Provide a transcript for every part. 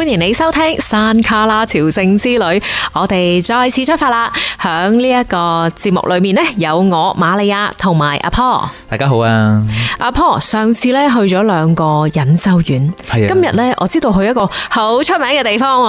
歡迎你收聽《山旮旯朝聖之旅》，我哋再次出發啦！響呢一個節目裏面呢，有我瑪利亞同埋阿婆。大家好啊，阿婆，上次呢去咗兩個隱修院。係啊，今日呢我知道去一個好出名嘅地方。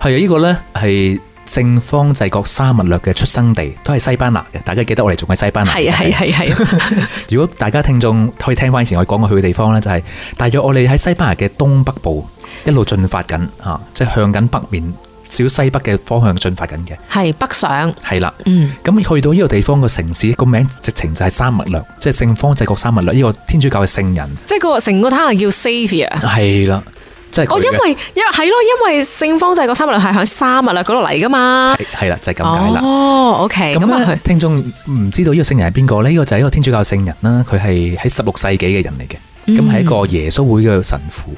係啊，呢個呢係。聖方濟各沙勿略嘅出生地都係西班牙嘅，大家記得我哋仲喺西班牙。係啊係係係。如果大家聽眾可以聽翻以前我講過去嘅地方咧，就係大約我哋喺西班牙嘅東北部一路進發緊啊，即係向緊北面小西北嘅方向進發緊嘅。係北上。係啦。嗯。咁去到呢個地方嘅城市個名直情就係沙勿略，即係聖方濟各沙勿略呢個天主教嘅聖人。即係個成個 town 係叫 Javier。係啦。即係我因為因係咯，因為聖方濟各沙勿略係喺沙勿略嗰度嚟噶嘛，係係啦，就係咁解啦。哦，OK，咁啊麼，聽眾唔知道個呢個聖人係邊個咧？呢、這個就係一個天主教聖人啦，佢係喺十六世紀嘅人嚟嘅，咁係、嗯、一個耶穌會嘅神父。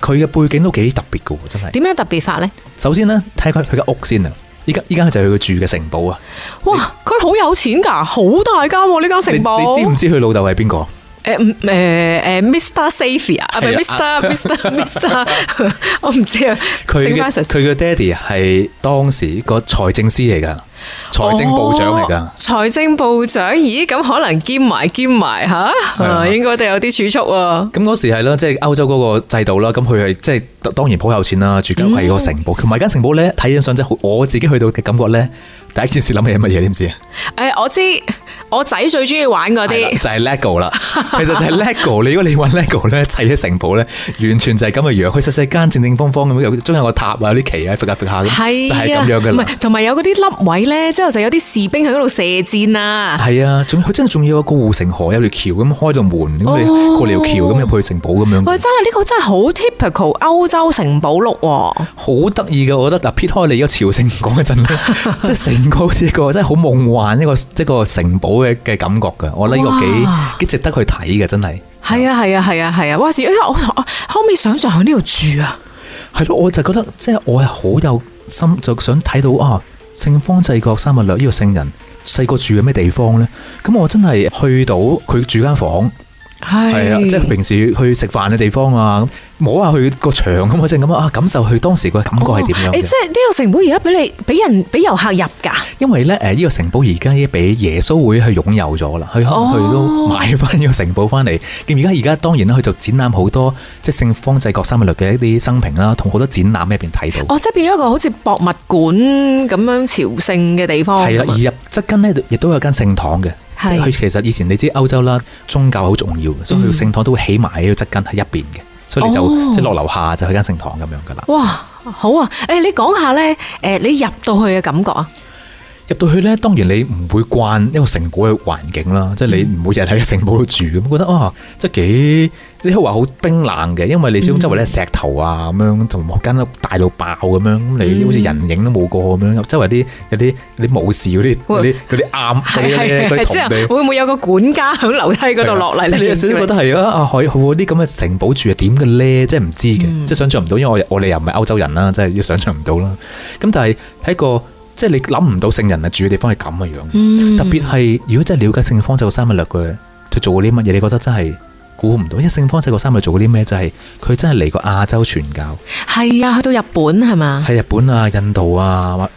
佢嘅、嗯、背景都幾特別噶，真係。點樣特別法咧？首先呢，睇佢佢嘅屋先啊！依家依家佢就係佢住嘅城堡啊！哇，佢好有錢噶，好大間喎！呢間城堡，你知唔知佢老豆係邊個？誒唔誒誒，Mr. Xavier 啊，唔係 Mr. Mr. Mr. 我唔知啊，佢嘅佢嘅爹哋係當時個財政司嚟噶，財政部長嚟噶，財政部長，咦咁可能兼埋兼埋吓，啊應該都有啲儲蓄啊。咁嗰時係啦，即係歐洲嗰個制度啦，咁佢係即係當然好有錢啦，住緊係個城堡，同埋間城堡咧，睇起上嚟真係，我自己去到嘅感覺咧。第一件事諗起係乜嘢？點知啊？誒、呃，我知我仔最中意玩嗰啲就係、是、LEGO 啦。 其實就係 LEGO。你如果你玩 LEGO 咧，砌啲城堡咧，完全就係咁嘅樣。佢細細間正正方方咁，又中有個塔啊，有啲旗啊，伏下伏下嘅，係就係咁樣嘅。同埋有嗰啲凹位咧，之後就有啲士兵喺嗰度射箭啊。係啊，仲佢真係仲要有一個護城河，有條橋咁開到門，咁、哦、你過嚟條橋咁入去城堡咁樣。喂，真係呢、這個真係好 typical 歐洲城堡 look 好得意嘅。我覺得嗱，撇開你個朝聖講嘅真，即係成。個好似一個真係好夢幻一個一個城堡嘅嘅感覺噶，我呢個幾幾值得去睇嘅，真係。係哇吧啊，係啊，係啊，係啊，哇！始終我我後尾想象喺呢度住啊。係咯，我就覺得即係我係好有心，就想睇到啊聖方濟各沙勿略呢個聖人細個住喺咩地方咧？咁我真係去到佢住間房間。係啊，即係平時去食飯嘅地方啊，摸下佢個牆咁嗰陣咁啊，感受佢當時個感覺係點樣？哦？即係呢個城堡而家俾你俾人俾遊客入噶？因為咧，誒，呢個城堡而家已經俾耶穌會去擁有咗啦，佢去都買翻呢個城堡翻嚟。而家而家當然咧，佢就展覽好多即係聖方濟各沙勿略嘅一啲生平啦，同好多展覽入邊睇到。哦，即係變咗一個好似博物館咁樣朝聖嘅地方。係啦的，麼而入側跟咧亦都有間聖堂嘅。即係是其實以前你知歐洲啦，宗教好重要，所以佢聖堂都會起埋喺個側根喺一邊嘅，嗯、所以你就、哦、即係落樓下就去間聖堂咁樣噶啦。哇，好啊！誒、欸，你講下咧，誒、呃，你入到去嘅感覺啊？入到去咧，當然你唔會慣一個城堡嘅環境啦，即係、嗯、你唔會每日喺個城堡度住咁，覺得哇，即係幾。即係話好冰冷嘅，因為你始終周圍咧石頭啊咁樣，同間屋大到爆咁樣，咁你好似人影都冇過咁樣，周圍啲有啲啲武士嗰啲嗰啲嗰啲啱嗰啲，即係會唔會有個管家響樓梯嗰度落嚟咧？你始終覺得係啊，啊海，好嗰啲咁嘅城堡住係點嘅咧？即係唔知嘅，即係想象唔到，因為我我哋又唔係歐洲人啦，即係要想象唔到啦。咁但係喺個即係你諗唔到聖人啊住嘅地方係咁嘅樣，特別係如果真係了解聖方濟各沙勿略嘅，佢做過啲乜嘢？你覺得真係？估唔到因為聖，一聖方濟各三嚟做過啲咩？就係佢真係嚟過亞洲傳教，係啊，去到日本係嘛？係日本啊、印度啊、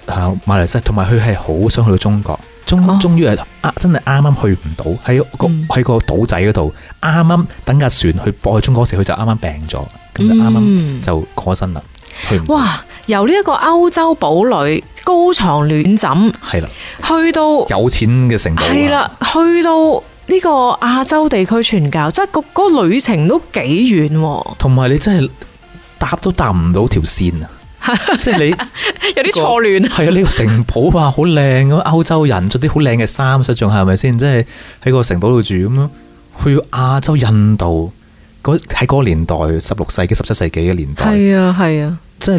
啊馬，馬來西亞，同埋佢係好想去到中國，終終於係真係啱啱去唔到，喺個喺個島仔嗰度啱啱等架船去駁去中國嗰時，佢就啱啱病咗，咁就啱啱就過身啦，去唔到，嗯。哇！由呢一個歐洲堡壘，高床暖枕，係啦，啊，去到有錢嘅城堡，係啦，啊，去到。呢個亞洲地區傳教，即係個旅程都幾遠，同埋你真係搭都搭唔到條線啊！ 即係你、嗰個、 有啲錯亂。係啊，呢個城堡啊好靚咁，歐洲人着啲好靚嘅衫，着仲係咪先？即係喺個城堡度住咁樣去亞洲、印度喺嗰個年代，十六世紀、十七世紀嘅年代。係啊，係啊，即係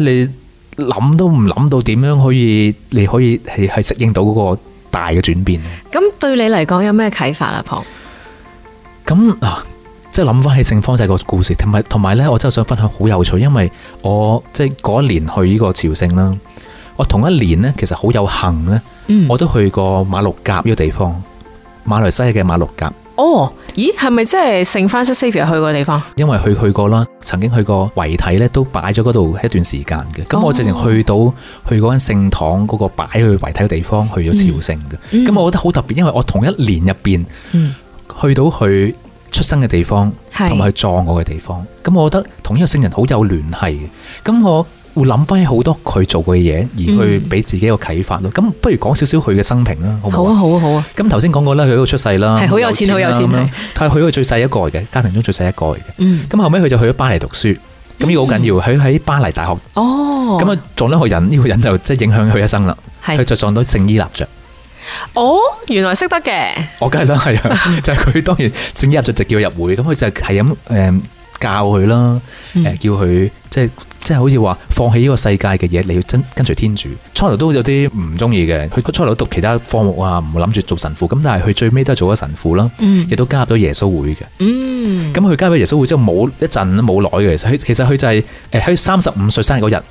你諗都唔諗到點樣可以，你可以係係適應到嗰、嗰個，大嘅轉變咧，咁對你嚟講有咩啟發阿婆？咁啊，即係諗翻起聖方濟個故事，同埋同埋咧，我真係想分享好有趣，因為我即係嗰年去呢個朝聖啦，我同一年呢，其實好有幸呢，我都去過馬六甲呢個地方，馬來西亞嘅馬六甲。哦，oh, 咦，係咪即係聖 Francis Xavier 去過地方？因為佢去過啦，曾經去過遺體咧都擺咗嗰度一段時間嘅。咁、oh. 我直情去到去嗰間聖堂嗰個擺去遺體嘅地方，去咗朝聖嘅。咁、mm. 我覺得好特別，因為我同一年入邊、mm. 去到佢出生嘅地方，同埋佢葬我嘅地方。咁是我覺得同一個聖人好有聯繫嘅。咁我。會諗翻好多佢做過嘅嘢，而去俾自己一個啟發咯。咁不如講少少佢嘅生平啦，好唔好？好啊，好啊，好啊！咁頭先講過啦，佢喺度出世啦，係好有錢，好有錢咁啦。係佢係最細一個嘅，家庭中最細一個嚟嘅。嗯。咁後尾佢就去咗巴黎讀書，咁呢個好緊要。佢喺巴黎大學哦，咁啊撞到個人，呢個人就即係影響佢一生啦。佢就撞到聖依納爵。哦，原來識得嘅。我梗係啦，係啊，就係佢當然聖依納爵直接叫入會，咁佢就係咁誒。教佢啦，誒、嗯，叫佢即係即係好似話放棄呢個世界嘅嘢，你要跟跟隨天主。初頭都有啲唔中意嘅，佢初頭讀其他科目啊，唔會諗住做神父。咁但係佢最尾都係做咗神父啦，嗯、亦都加入咗耶穌會嘅。咁佢、嗯、加入耶穌會之後冇一陣冇耐嘅，其實佢其實佢就係誒喺三十五歲生日嗰日，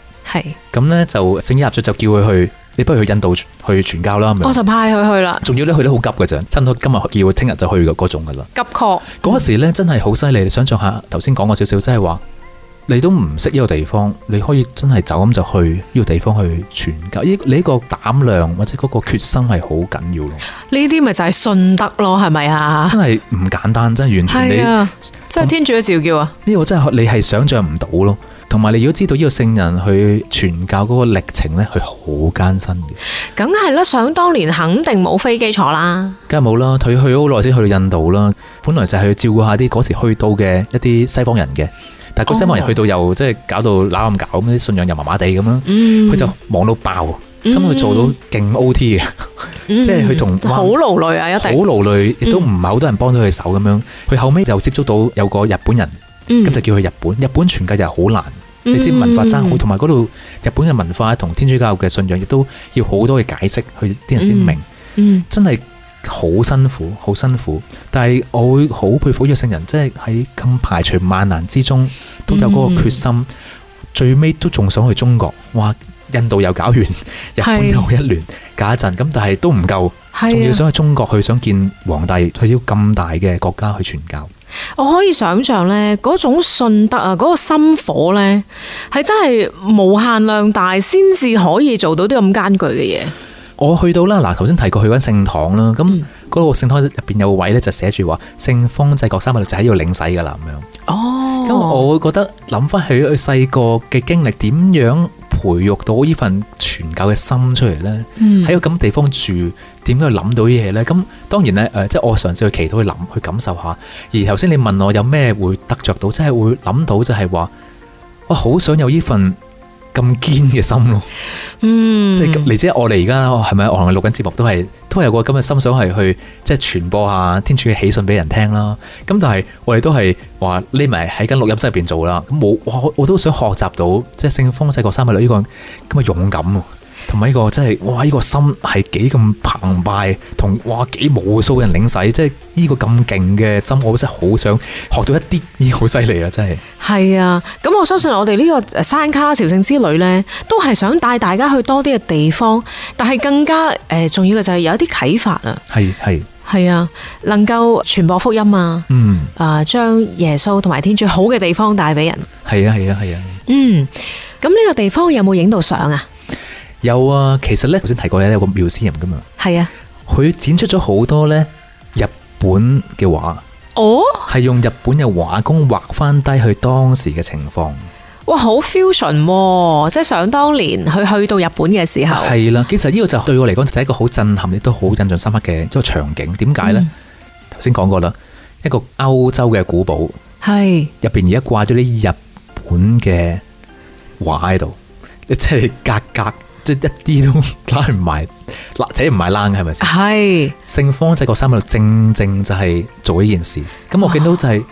咁是呢就聖依納爵就叫佢去。你不如去印度去傳教啦，我就、哦、這樣 派佢去啦。仲要你去得好急㗎咋，差唔多今日叫，聽日就去嘅嗰種噶啦。急確闊嗰時咧，真係好犀利。你想象下，頭先講過少少，即係話你都唔識呢個地方，你可以真係走咁就去呢個地方去傳教。依你呢個膽量或者嗰個決心係好緊要咯。呢啲咪就係信德咯，係咪啊？真係唔簡單，真係完全你，真係天主都召叫，叫啊！呢個真係你係想象唔到咯。同埋，你如果知道呢個聖人去傳教嗰個歷程咧，佢好艱辛嘅。梗係啦，想當年肯定冇飛機坐啦，梗係冇啦。佢去咗好耐先去到印度啦。本來就係去照顧下啲嗰時去到嘅一啲西方人嘅，但係嗰西方人去到又即係搞到攬咁搞咁，啲信仰又麻麻地咁樣。嗯，佢就忙到爆，咁佢做到勁 OT 嘅，即係佢同好勞累啊，一定好勞累，亦都唔係好多人幫到佢手咁樣。佢後尾就接觸到有個日本人，咁就叫佢日本。日本傳教又好難。你知文化爭好，同埋嗰度日本嘅文化同天主教嘅信仰，亦都要好多嘅解釋去啲人先明。嗯嗯、真係好辛苦，好辛苦。但係我會好佩服呢個聖人，即係喺咁排除萬難之中，都有嗰個決心。嗯、最尾都仲想去中國，哇！印度又搞完，日本又一亂隔一陣咁，但係都唔夠，仲、啊、要想去中國去想見皇帝，去到咁大嘅國家去傳教。我可以想象咧，嗰種信德啊，嗰、嗰個心火咧，係真係無限量大，先至可以做到啲咁艱巨嘅嘢。我去到啦，嗱，頭先提過去搵聖堂啦，咁嗰、嗯、個聖堂入邊有位咧就寫住話，聖方濟各三百年就喺度領洗噶啦咁樣。哦，咁我會覺得諗翻起佢細個嘅經歷，點樣培育到呢份傳教嘅心出嚟咧？喺咁、嗯、地方住。點樣諗到呢嘢咧？咁當然咧，誒，即係我嘗試去祈禱、去諗、去感受下。而頭先你問我有咩會得着到，即係會諗到，就係話，我好想有呢份咁堅嘅心咯。嗯即，即係嚟者我哋而家係咪啊？是是我哋錄緊節目都係都係有個咁嘅心，想係去即係傳播下天主嘅喜訊俾人聽啦。咁但係我哋都係話匿埋喺緊錄音室入邊做啦。咁冇我，我都想學習到即係聖方濟各沙勿略呢個咁嘅、呢個、勇敢。同埋呢個真係，哇！呢個心係幾咁澎湃，同哇幾無數人領洗，即係呢個咁勁嘅心，我真係好想學到一啲呢，好犀利啊！真係。係啊，咁我相信我哋呢個山卡拉朝聖之旅呢，都係想帶大家去多啲嘅地方，但係更加誒重要嘅就係有一啲啟發啊。係係係啊，能夠傳播福音啊。嗯。啊，將耶穌同埋天主好嘅地方帶俾人。係啊係啊係啊。嗯，咁呢個地方有冇影到相啊？有啊，其實咧頭先提過嘢咧，有個 museum 噶嘛。係啊，佢展出咗好多咧日本嘅畫。哦，係用日本嘅畫工畫翻低佢當時嘅情況。哇，好 fusion、啊、即係想當年佢去到日本嘅時候。係啦、啊，其實呢個就對我嚟講就係一個好震撼，亦都好印象深刻嘅一個場景。點解咧？頭先講過啦，一個歐洲嘅古堡，係入邊而家掛咗啲日本嘅畫喺度，你、就、真、係、格格。即係一啲都拉唔埋，或者唔埋冷係咪先？係。聖是方仔個衫喺度正正就係做呢件事。咁哇我見到就係、是，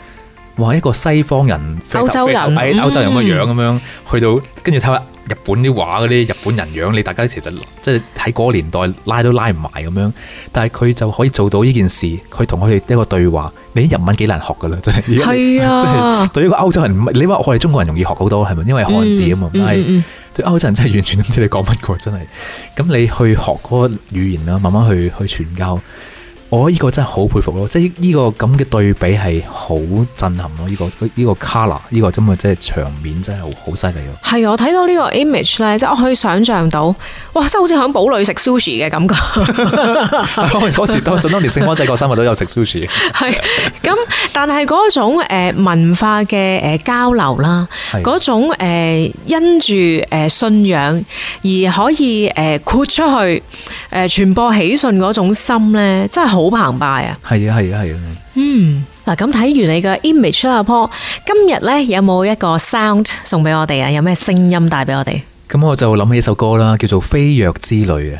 哇一個西方人，歐洲人。喺歐洲人嘅、嗯、樣咁樣，去到跟住睇下日本啲畫嗰啲日本人樣。你大家其實即係喺嗰個年代拉都拉唔埋咁樣，但係佢就可以做到呢件事。佢同佢哋一個對話。你啲日文幾難學噶啦，真係。係啊。 對於個歐洲人，你話我哋中國人容易學好多係咪？因為漢字啊嘛，係、嗯。但對歐洲人真係完全唔知你講乜個，真係。咁你去學嗰個語言啦，慢慢去去傳教。我依個真係好佩服咯，即係依依個咁嘅對比係好震撼咯，依個依個 color 依個真係真係場面真係好犀利咯。係啊，我睇到呢個 image 咧，即係我可以想象到，哇！真係好似喺堡壘食 sushi 嘅感覺。我時當想當年聖方濟各神父都有食 sushi。係咁，但係嗰種誒文化嘅誒交流啦，嗰種誒因住誒信仰而可以誒豁出去誒傳播喜訊嗰種心咧，真係好～好澎湃啊！係啊，係啊，係啊！嗯，嗱咁睇完你個 image 啦，po 今日咧有冇一個 sound 送俾我哋啊？有咩聲音帶俾我哋？咁我就諗起一首歌啦，叫做《飛躍之旅》嘅《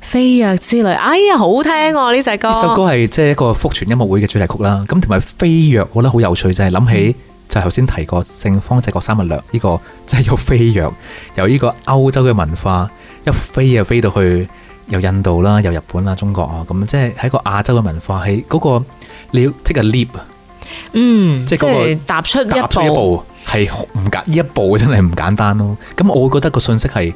飛躍之旅》。哎呀，好聽啊！呢隻歌，呢首歌係即係一個福傳音樂會嘅主題曲啦。咁同埋《飛躍》，我覺得好有趣就係諗起就係頭先提過聖方濟各沙勿略呢個，即係有飛躍，由呢個歐洲嘅文化一飛啊飛到去。由印度啦，由日本啦，中國啊，咁即係喺個亞洲嘅文化，喺嗰、那個你要 take a leap，嗯，即係、那個、踏出一步，係唔簡，呢一,一步真係唔簡單咯。咁我會覺得個信息係，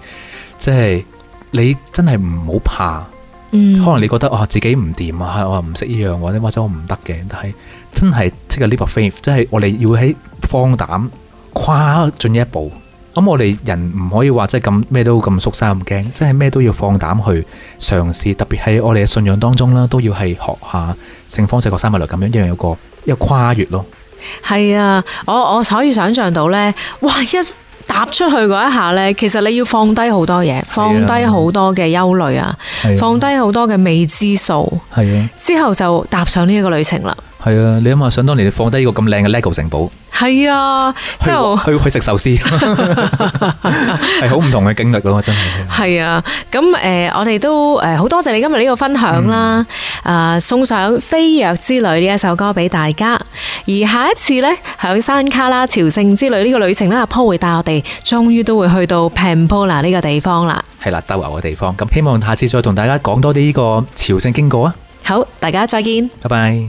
即、就、係、是、你真係唔好怕，嗯、可能你覺得啊自己唔掂啊，我唔識呢樣，或者或者我唔得嘅，但係真係 take a leap of faith，即係我哋要喺放膽跨進一步。咁、嗯、我哋人唔可以話即係咁咩都咁縮晒咁驚，即係咩都，都要放膽去嘗試，特別喺我哋嘅信仰當中啦，都要係學下聖方濟各沙勿略咁樣，一樣有一個一個跨越咯。係啊，我我可以想象到呢：「哇！一踏出去嗰一下呢，其實你要放低好多嘢，放低好多嘅憂慮啊，放低好多嘅未知數，係啊，之後就踏上呢一個旅程啦。係啊，你諗下，想當年你放低呢個咁靚嘅 LEGO 城堡，係啊，之後去去食壽司，係好唔同嘅經歷咯。真係係啊，咁誒，我哋都誒好多謝你今日呢個分享啦。誒，送上《飛躍之旅》呢一首歌俾大家。而下一次咧，響山旮旯朝聖之旅呢個旅程咧，阿坡會帶我哋，終於都會去到 Pamplona 呢個地方啦。係啦，鬥牛嘅地方咁，希望下次再同大家講多啲呢個朝聖經過啊。好，大家再見，拜拜。